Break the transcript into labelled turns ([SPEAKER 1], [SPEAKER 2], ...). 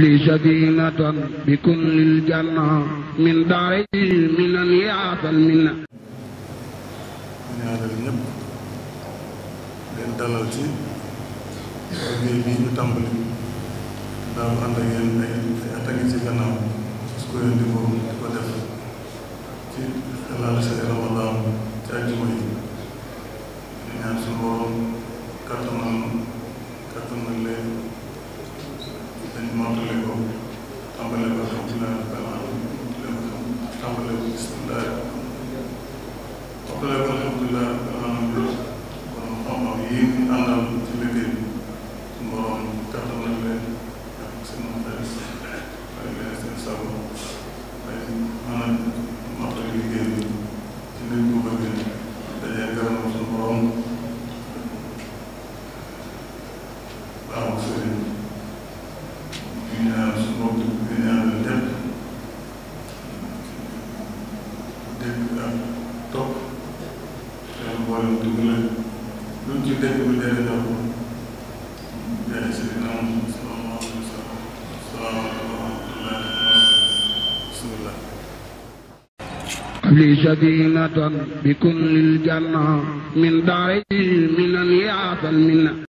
[SPEAKER 1] li sadinatan bi kun lil janna min daari min an yaatal min na
[SPEAKER 2] ñaanal ñëpp leen dalal ci liggéey bii ñu tàmbali daaw ànd ak yéen ay at a ngi ci gannaaw su ko yéen di ko di ko def ci xalaal seen ramadaan ci àjjuma yi ñaan suñu borom kattanal kattanal leen montale ko tàmbale ko alhamdulilah rabbil alamin tàmbale ko bismillah montale ko alhamdulilah rabbil alamin kon xam-xam yi ñu àndal ci liggéey bi suñu borom kattan na leen ak seen xaalis ak leen seen sago ay mën a montale liggéey bi ci liñ ko bëggee dajee gërëm suñu borom waaw sëriñ dégg ak topp seen mboolem dugg la luñ ci dégg bu dee la
[SPEAKER 3] ko minna